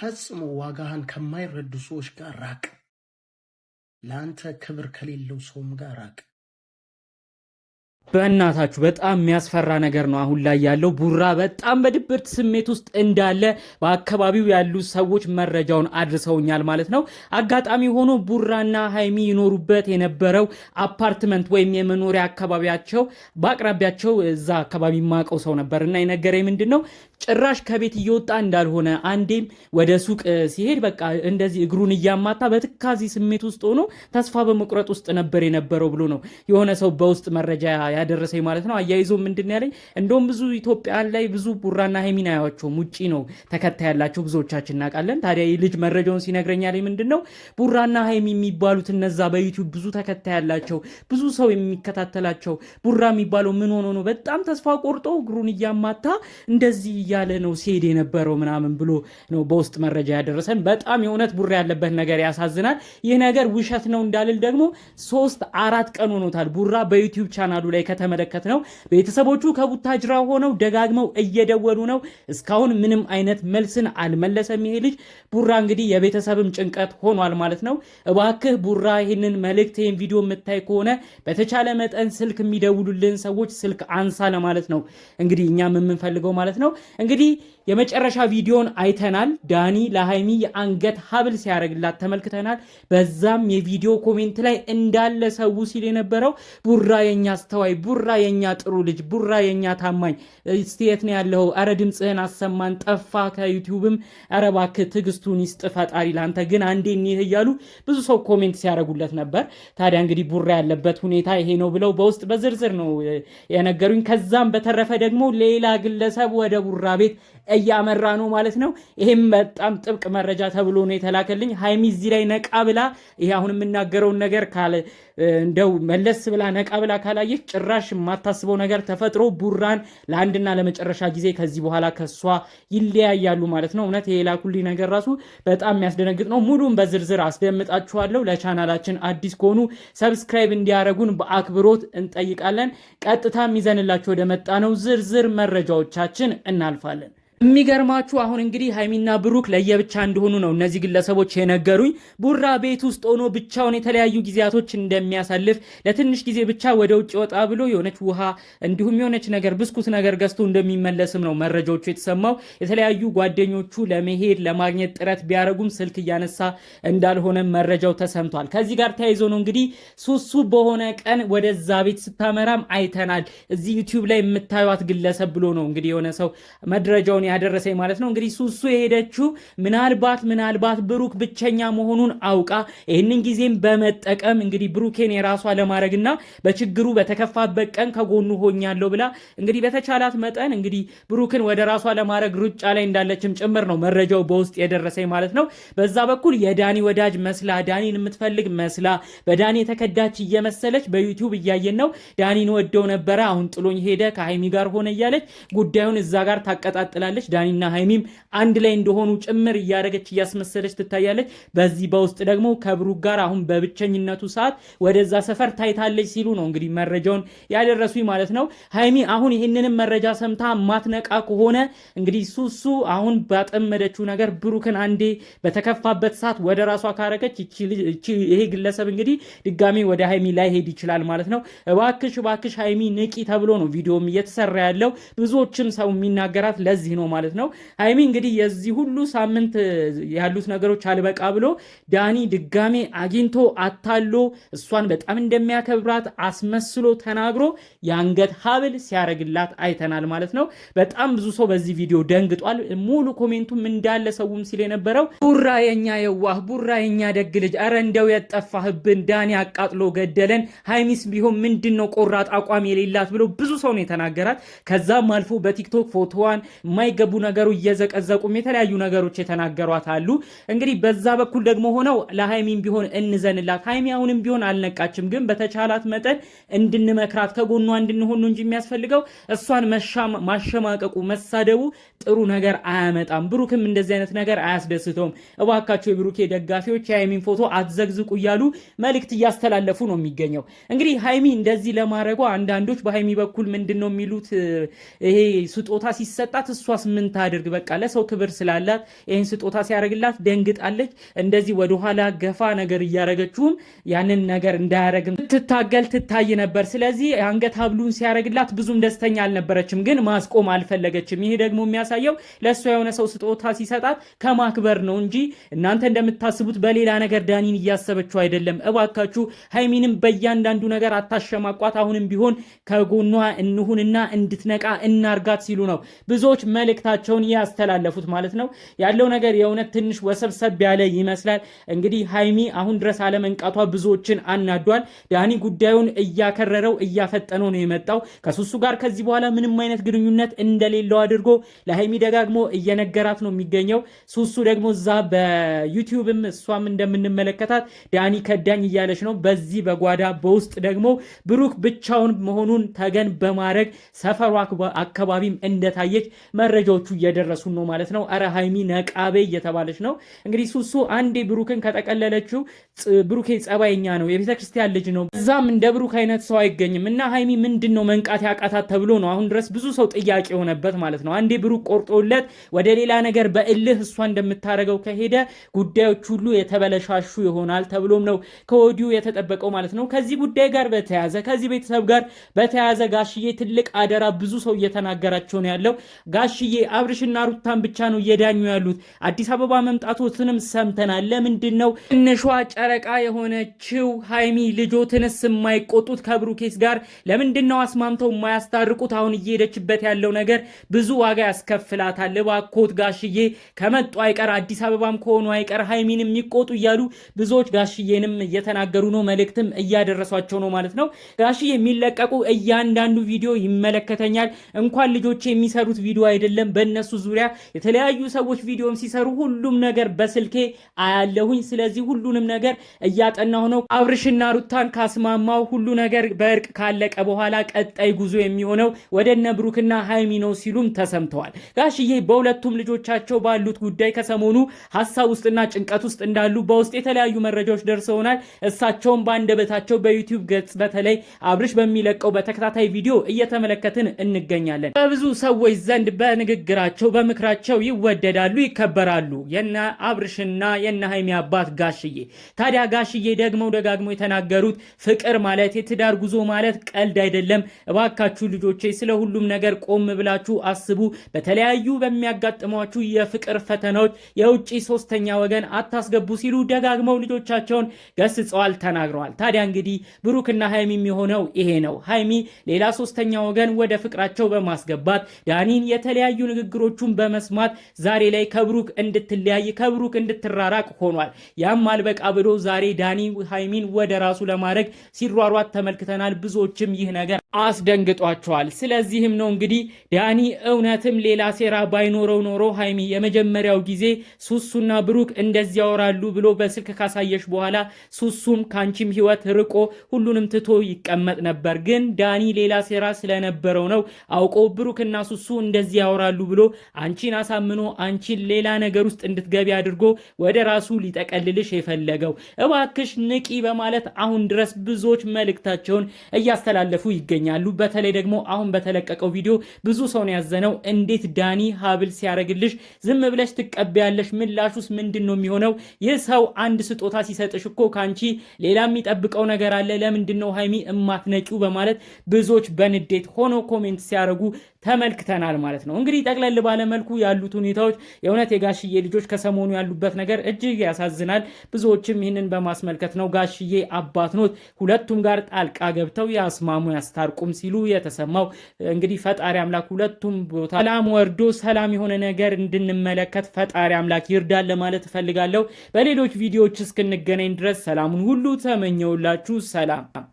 ፈጽሞ ዋጋህን ከማይረዱ ሰዎች ጋር ራቅ። ለአንተ ክብር ከሌለው ሰውም ጋር ራቅ። በእናታችሁ በጣም የሚያስፈራ ነገር ነው አሁን ላይ ያለው። ቡራ በጣም በድብርት ስሜት ውስጥ እንዳለ በአካባቢው ያሉ ሰዎች መረጃውን አድርሰውኛል ማለት ነው። አጋጣሚ ሆኖ ቡራና ሀይሚ ይኖሩበት የነበረው አፓርትመንት ወይም የመኖሪያ አካባቢያቸው በአቅራቢያቸው እዛ አካባቢ የማውቀው ሰው ነበር እና የነገረኝ ምንድን ነው ጭራሽ ከቤት እየወጣ እንዳልሆነ አንዴም ወደ ሱቅ ሲሄድ በቃ እንደዚህ እግሩን እያማታ በትካዜ ስሜት ውስጥ ሆኖ ተስፋ በመቁረጥ ውስጥ ነበር የነበረው ብሎ ነው የሆነ ሰው በውስጥ መረጃ ያደረሰኝ ማለት ነው። አያይዞ ምንድን ያለኝ እንደውም ብዙ ኢትዮጵያን ላይ ብዙ ቡራና ሀይሚን አያቸውም ውጭ ነው ተከታይ ያላቸው ብዙዎቻችን እናውቃለን። ታዲያ ይህ ልጅ መረጃውን ሲነግረኛ ምንድን ነው ቡራና ሀይሚ የሚባሉት እነዛ በዩቲዩብ ብዙ ተከታይ ያላቸው ብዙ ሰው የሚከታተላቸው ቡራ የሚባለው ምን ሆኖ ነው በጣም ተስፋ ቆርጦ እግሩን እያማታ እንደዚህ እያለ ነው ሲሄድ የነበረው ምናምን ብሎ ነው በውስጥ መረጃ ያደረሰን። በጣም የእውነት ቡራ ያለበት ነገር ያሳዝናል። ይህ ነገር ውሸት ነው እንዳልል ደግሞ ሶስት አራት ቀን ሆኖታል ቡራ በዩቲዩብ ቻናሉ ላይ ከተመለከት ነው። ቤተሰቦቹ ከቡታጅራ ሆነው ደጋግመው እየደወሉ ነው። እስካሁን ምንም አይነት መልስን አልመለሰም ይሄ ልጅ። ቡራ እንግዲህ የቤተሰብም ጭንቀት ሆኗል ማለት ነው። እባክህ ቡራ ይህንን መልእክት ይህን ቪዲዮ የምታይ ከሆነ በተቻለ መጠን ስልክ የሚደውሉልን ሰዎች ስልክ አንሳ ለማለት ነው እንግዲህ እኛም የምንፈልገው ማለት ነው። እንግዲህ የመጨረሻ ቪዲዮን አይተናል። ዳኒ ለሃይሚ የአንገት ሀብል ሲያደርግላት ተመልክተናል። በዛም የቪዲዮ ኮሜንት ላይ እንዳለ ሰው ሲል የነበረው ቡራ የኛ አስተዋይ ቡራ የኛ ጥሩ ልጅ፣ ቡራ የኛ ታማኝ፣ እስቲ የት ነው ያለው? አረ ድምፅህን አሰማን፣ ጠፋ ከዩቲዩብም፣ አረ እባክህ ትዕግስቱን ይስጥ ፈጣሪ ለአንተ ግን አንዴ እኒህ እያሉ ብዙ ሰው ኮሜንት ሲያደርጉለት ነበር። ታዲያ እንግዲህ ቡራ ያለበት ሁኔታ ይሄ ነው ብለው በውስጥ በዝርዝር ነው የነገሩኝ። ከዛም በተረፈ ደግሞ ሌላ ግለሰብ ወደ ቡራ ቤት እያመራ ነው ማለት ነው። ይሄም በጣም ጥብቅ መረጃ ተብሎ ነው የተላከልኝ። ሀይሚ እዚህ ላይ ነቃ ብላ ይሄ አሁን የምናገረውን ነገር እንደው መለስ ብላ ነቃ ብላ ካላየች ጭራሽ የማታስበው ነገር ተፈጥሮ ቡራን ለአንድና ለመጨረሻ ጊዜ ከዚህ በኋላ ከሷ ይለያያሉ ማለት ነው። እውነት የላኩልኝ ነገር ራሱ በጣም የሚያስደነግጥ ነው። ሙሉን በዝርዝር አስደምጣችኋለሁ። ለቻናላችን አዲስ ከሆኑ ሰብስክራይብ እንዲያደረጉን በአክብሮት እንጠይቃለን። ቀጥታ ይዘንላችሁ ወደ መጣ ነው ዝርዝር መረጃዎቻችን እናልፋለን። የሚገርማችሁ አሁን እንግዲህ ሀይሚና ብሩክ ለየብቻ እንደሆኑ ነው እነዚህ ግለሰቦች የነገሩኝ። ቡራ ቤት ውስጥ ሆኖ ብቻውን የተለያዩ ጊዜያቶች እንደሚያሳልፍ ለትንሽ ጊዜ ብቻ ወደ ውጭ ወጣ ብሎ የሆነች ውሃ እንዲሁም የሆነች ነገር ብስኩት ነገር ገዝቶ እንደሚመለስም ነው መረጃዎቹ የተሰማው። የተለያዩ ጓደኞቹ ለመሄድ ለማግኘት ጥረት ቢያደርጉም ስልክ እያነሳ እንዳልሆነ መረጃው ተሰምቷል። ከዚህ ጋር ተያይዞ ነው እንግዲህ ሱሱ በሆነ ቀን ወደዛ ቤት ስታመራም አይተናል። እዚህ ዩቲዩብ ላይ የምታዩት ግለሰብ ብሎ ነው እንግዲህ የሆነ ሰው መድረጃውን ያደረሰኝ ማለት ነው። እንግዲህ ሱሱ የሄደችው ምናልባት ምናልባት ብሩክ ብቸኛ መሆኑን አውቃ ይህንን ጊዜም በመጠቀም እንግዲህ ብሩኬን የራሷ ለማድረግና በችግሩ በተከፋበት ቀን ከጎኑ ሆኛለሁ ብላ እንግዲህ በተቻላት መጠን እንግዲህ ብሩክን ወደ ራሷ ለማድረግ ሩጫ ላይ እንዳለችም ጭምር ነው መረጃው በውስጥ የደረሰኝ ማለት ነው። በዛ በኩል የዳኒ ወዳጅ መስላ ዳኒን የምትፈልግ መስላ በዳኒ የተከዳች እየመሰለች በዩቲዩብ እያየን ነው። ዳኒን ወደው ነበረ፣ አሁን ጥሎኝ ሄደ፣ ከሀይሚ ጋር ሆነ እያለች ጉዳዩን እዛ ጋር ታቀጣጥላለች። ትታያለች። ዳኒና ሀይሚም አንድ ላይ እንደሆኑ ጭምር እያደረገች እያስመሰለች ትታያለች። በዚህ በውስጥ ደግሞ ከብሩክ ጋር አሁን በብቸኝነቱ ሰዓት ወደዛ ሰፈር ታይታለች ሲሉ ነው እንግዲህ መረጃውን ያደረሱ ማለት ነው። ሀይሚ አሁን ይህንንም መረጃ ሰምታ ማትነቃ ከሆነ እንግዲህ ሱሱ አሁን ባጠመደችው ነገር ብሩክን አንዴ በተከፋበት ሰዓት ወደ ራሷ ካረገች ይሄ ግለሰብ እንግዲህ ድጋሜ ወደ ሀይሚ ላይ ሄድ ይችላል ማለት ነው። እባክሽ እባክሽ ሀይሚ ንቂ ተብሎ ነው ቪዲዮም እየተሰራ ያለው ብዙዎችም ሰው የሚናገራት ለዚህ ነው ማለት ነው። ሀይሚ እንግዲህ የዚህ ሁሉ ሳምንት ያሉት ነገሮች አልበቃ ብሎ ዳኒ ድጋሜ አግኝቶ አታሎ እሷን በጣም እንደሚያከብራት አስመስሎ ተናግሮ የአንገት ሀብል ሲያደርግላት አይተናል ማለት ነው። በጣም ብዙ ሰው በዚህ ቪዲዮ ደንግጧል። ሙሉ ኮሜንቱም እንዳለ ሰውም ሲል የነበረው ቡራ የኛ የዋህ ቡራ የኛ ደግ ልጅ፣ ኧረ እንደው የጠፋህብን ዳኒ አቃጥሎ ገደለን፣ ሀይሚስ ቢሆን ምንድን ነው ቆራጥ አቋም የሌላት ብሎ ብዙ ሰው ነው የተናገራት። ከዛም አልፎ በቲክቶክ ፎቶዋን ማይ በማይገቡ ነገሩ እየዘቀዘቁም የተለያዩ ነገሮች የተናገሯት አሉ። እንግዲህ በዛ በኩል ደግሞ ሆነው ለሀይሚም ቢሆን እንዘንላት። ሀይሚ አሁንም ቢሆን አልነቃችም፣ ግን በተቻላት መጠን እንድንመክራት ከጎኗ እንድንሆን እንጂ የሚያስፈልገው እሷን ማሸማቀቁ መሳደቡ ጥሩ ነገር አያመጣም። ብሩክም እንደዚህ አይነት ነገር አያስደስተውም። እባካቸው የብሩኬ ደጋፊዎች የሀይሚን ፎቶ አትዘግዝቁ እያሉ መልእክት እያስተላለፉ ነው የሚገኘው። እንግዲህ ሀይሚ እንደዚህ ለማድረጓ አንዳንዶች በሀይሚ በኩል ምንድን ነው የሚሉት ይሄ ስጦታ ሲሰጣት እሷስ ምን ታድርግ? በቃ ለሰው ክብር ስላላት ይህን ስጦታ ሲያደርግላት ደንግጣለች። እንደዚህ ወደኋላ ገፋ ነገር እያደረገችውም ያንን ነገር እንዳያደረግም ትታገል ትታይ ነበር። ስለዚህ አንገት ሀብሉን ሲያደረግላት ብዙም ደስተኛ አልነበረችም፣ ግን ማስቆም አልፈለገችም። ይሄ ደግሞ የሚያሳየው ለእሷ የሆነ ሰው ስጦታ ሲሰጣት ከማክበር ነው እንጂ እናንተ እንደምታስቡት በሌላ ነገር ዳኒን እያሰበችው አይደለም። እባካችሁ ሀይሚንም በእያንዳንዱ ነገር አታሸማቋት። አሁንም ቢሆን ከጎኗ እንሁንና እንድትነቃ እናርጋት ሲሉ ነው ብዙዎች መልእክት መልእክታቸውን ያስተላለፉት ማለት ነው። ያለው ነገር የእውነት ትንሽ ወሰብሰብ ያለ ይመስላል። እንግዲህ ሀይሚ አሁን ድረስ አለመንቃቷ ብዙዎችን አናዷል። ዳኒ ጉዳዩን እያከረረው እያፈጠነው ነው የመጣው። ከሱሱ ጋር ከዚህ በኋላ ምንም አይነት ግንኙነት እንደሌለው አድርጎ ለሀይሚ ደጋግሞ እየነገራት ነው የሚገኘው። ሱሱ ደግሞ እዛ በዩቲዩብም እሷም እንደምንመለከታት ዳኒ ከዳኝ እያለች ነው። በዚህ በጓዳ በውስጥ ደግሞ ብሩክ ብቻውን መሆኑን ተገን በማድረግ ሰፈሩ አካባቢም እንደታየች መረ መረጃዎቹ እየደረሱን ነው ማለት ነው። አረ ሀይሚ ነቃቤ እየተባለች ነው እንግዲህ ሱሱ አንዴ ብሩክን ከጠቀለለችው ብሩኬ ጸባይኛ ነው፣ የቤተክርስቲያን ልጅ ነው፣ እዛም እንደ ብሩክ አይነት ሰው አይገኝም እና ሀይሚ ምንድን ነው መንቃት ያቃታት ተብሎ ነው አሁን ድረስ ብዙ ሰው ጥያቄ የሆነበት ማለት ነው። አንዴ ብሩክ ቆርጦለት ወደ ሌላ ነገር በእልህ እሷ እንደምታደርገው ከሄደ ጉዳዮች ሁሉ የተበለሻሹ ይሆናል ተብሎም ነው ከወዲሁ የተጠበቀው ማለት ነው። ከዚህ ጉዳይ ጋር በተያዘ ከዚህ ቤተሰብ ጋር በተያዘ ጋሽዬ ትልቅ አደራ ብዙ ሰው እየተናገራቸው ነው ያለው ጋሽ ውብዬ አብርሽና ሩታን ብቻ ነው እየዳኙ ያሉት። አዲስ አበባ መምጣቶትንም ሰምተናል። ለምንድን ነው ትንሿ ጨረቃ የሆነችው ሀይሚ ልጆትንስ የማይቆጡት ከብሩኬስ ጋር ለምንድን ነው አስማምተው የማያስታርቁት? አሁን እየሄደችበት ያለው ነገር ብዙ ዋጋ ያስከፍላታል። እባክዎት ጋሽዬ ከመጡ አይቀር አዲስ አበባም ከሆኑ አይቀር ሀይሚን የሚቆጡ እያሉ ብዙዎች ጋሽዬንም እየተናገሩ ነው፣ መልእክትም እያደረሷቸው ነው ማለት ነው። ጋሽዬ የሚለቀቁ እያንዳንዱ ቪዲዮ ይመለከተኛል። እንኳን ልጆች የሚሰሩት ቪዲዮ አይደለም የለም። በእነሱ ዙሪያ የተለያዩ ሰዎች ቪዲዮም ሲሰሩ ሁሉም ነገር በስልኬ አያለሁኝ። ስለዚህ ሁሉንም ነገር እያጠናሁ ነው። አብርሽና ሩታን ካስማማው ሁሉ ነገር በእርቅ ካለቀ በኋላ ቀጣይ ጉዞ የሚሆነው ወደ እነ ብሩክና ሃይሚ ነው ሲሉም ተሰምተዋል። ጋሽዬ በሁለቱም ልጆቻቸው ባሉት ጉዳይ ከሰሞኑ ሀሳብ ውስጥና ጭንቀት ውስጥ እንዳሉ በውስጥ የተለያዩ መረጃዎች ደርሰውናል። እሳቸውም በአንደበታቸው በዩቲዩብ ገጽ በተለይ አብርሽ በሚለቀው በተከታታይ ቪዲዮ እየተመለከትን እንገኛለን። በብዙ ሰዎች ዘንድ በንግግራቸው በምክራቸው ይወደዳሉ፣ ይከበራሉ። የነ አብርሽና የነ ሀይሚ አባት ጋሽዬ። ታዲያ ጋሽዬ ደግመው ደጋግመው የተናገሩት ፍቅር ማለት የትዳር ጉዞ ማለት ቀልድ አይደለም። እባካችሁ ልጆቼ ስለ ሁሉም ነገር ቆም ብላችሁ አስቡ። በተለያዩ በሚያጋጥሟችሁ የፍቅር ፈተናዎች የውጭ ሶስተኛ ወገን አታስገቡ ሲሉ ደጋግመው ልጆቻቸውን ገስጸዋል፣ ተናግረዋል። ታዲያ እንግዲህ ብሩክና ሀይሚ የሚሆነው ይሄ ነው። ሀይሚ ሌላ ሶስተኛ ወገን ወደ ፍቅራቸው በማስገባት ዳኒን የተለያዩ የተለያዩ ንግግሮቹን በመስማት ዛሬ ላይ ከብሩክ እንድትለያይ ከብሩክ እንድትራራቅ ሆኗል። ያም አልበቃ ብሎ ዛሬ ዳኒ ሃይሚን ወደ ራሱ ለማድረግ ሲሯሯት ተመልክተናል። ብዙዎችም ይህ ነገር አስደንግጧቸዋል። ስለዚህም ነው እንግዲህ ዳኒ እውነትም ሌላ ሴራ ባይኖረው ኖሮ ሃይሚ የመጀመሪያው ጊዜ ሱሱና ብሩክ እንደዚህ ያወራሉ ብሎ በስልክ ካሳየሽ በኋላ ሱሱም ከአንቺም ህይወት ርቆ ሁሉንም ትቶ ይቀመጥ ነበር። ግን ዳኒ ሌላ ሴራ ስለነበረው ነው አውቆ ብሩክና ሱሱ እንደዚህ ያወራሉ ይሆናሉ ብሎ አንቺን አሳምኖ አንቺን ሌላ ነገር ውስጥ እንድትገቢ አድርጎ ወደ ራሱ ሊጠቀልልሽ የፈለገው እባክሽ ንቂ በማለት አሁን ድረስ ብዙዎች መልእክታቸውን እያስተላለፉ ይገኛሉ። በተለይ ደግሞ አሁን በተለቀቀው ቪዲዮ ብዙ ሰውን ያዘነው እንዴት ዳኒ ሀብል ሲያደርግልሽ ዝም ብለሽ ትቀበያለሽ? ምላሹስ ምንድን ነው የሚሆነው? ይህ ሰው አንድ ስጦታ ሲሰጥሽ እኮ ከአንቺ ሌላ የሚጠብቀው ነገር አለ። ለምንድን ነው ሀይሚ እማትነቂው? በማለት ብዙዎች በንዴት ሆኖ ኮሜንት ሲያደርጉ ተመልክተናል ማለት ነው። እንግዲህ ጠቅለል ባለመልኩ ያሉት ሁኔታዎች የእውነት የጋሽዬ ልጆች ከሰሞኑ ያሉበት ነገር እጅግ ያሳዝናል። ብዙዎችም ይህንን በማስመልከት ነው ጋሽዬ አባት ኖት ሁለቱም ጋር ጣልቃ ገብተው ያስማሙ ያስታርቁም ሲሉ የተሰማው። እንግዲህ ፈጣሪ አምላክ ሁለቱም ቦታ ሰላም ወርዶ ሰላም የሆነ ነገር እንድንመለከት ፈጣሪ አምላክ ይርዳል ለማለት እፈልጋለሁ። በሌሎች ቪዲዮዎች እስክንገናኝ ድረስ ሰላሙን ሁሉ ተመኘውላችሁ። ሰላም